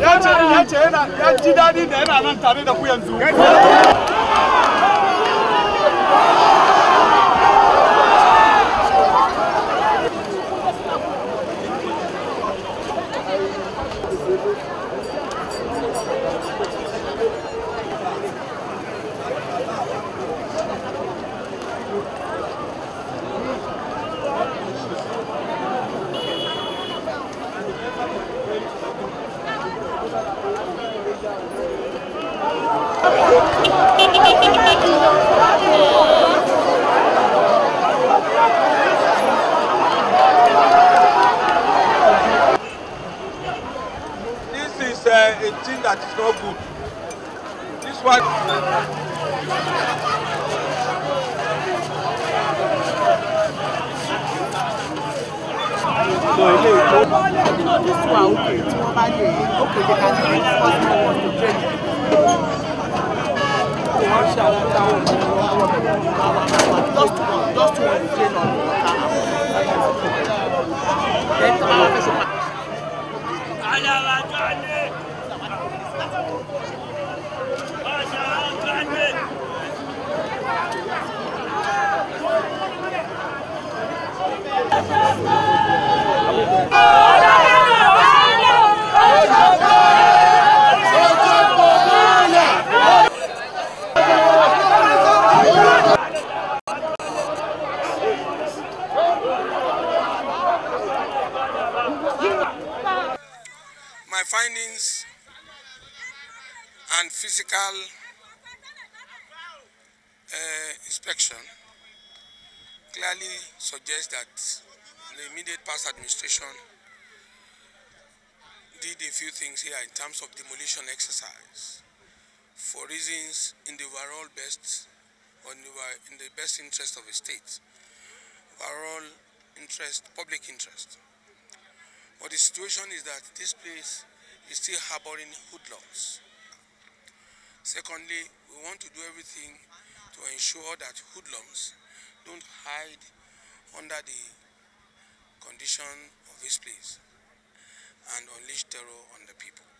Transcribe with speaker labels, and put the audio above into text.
Speaker 1: ya ce yana ya ji daɗi da yana nan tare da ku
Speaker 2: a thing that is not good. This one. So ilé ìtò.
Speaker 1: This one okay tí wọ́n bá lè okay they can do it first of all to train. Wọ́n ṣe àwọn táwọn ọmọ wọn wọ́n bẹ̀rẹ̀ ní báwa.
Speaker 2: my findings and physical uh, inspection clearly suggest that the immediate past administration did a few things here in terms of demolition exercise for reasons in the overall best or in the best interest of the state, overall interest, public interest. But the situation is that this place is still harboring hoodlums. Secondly, we want to do everything to ensure that hoodlums don't hide under the condition of this place and unleash terror on the people.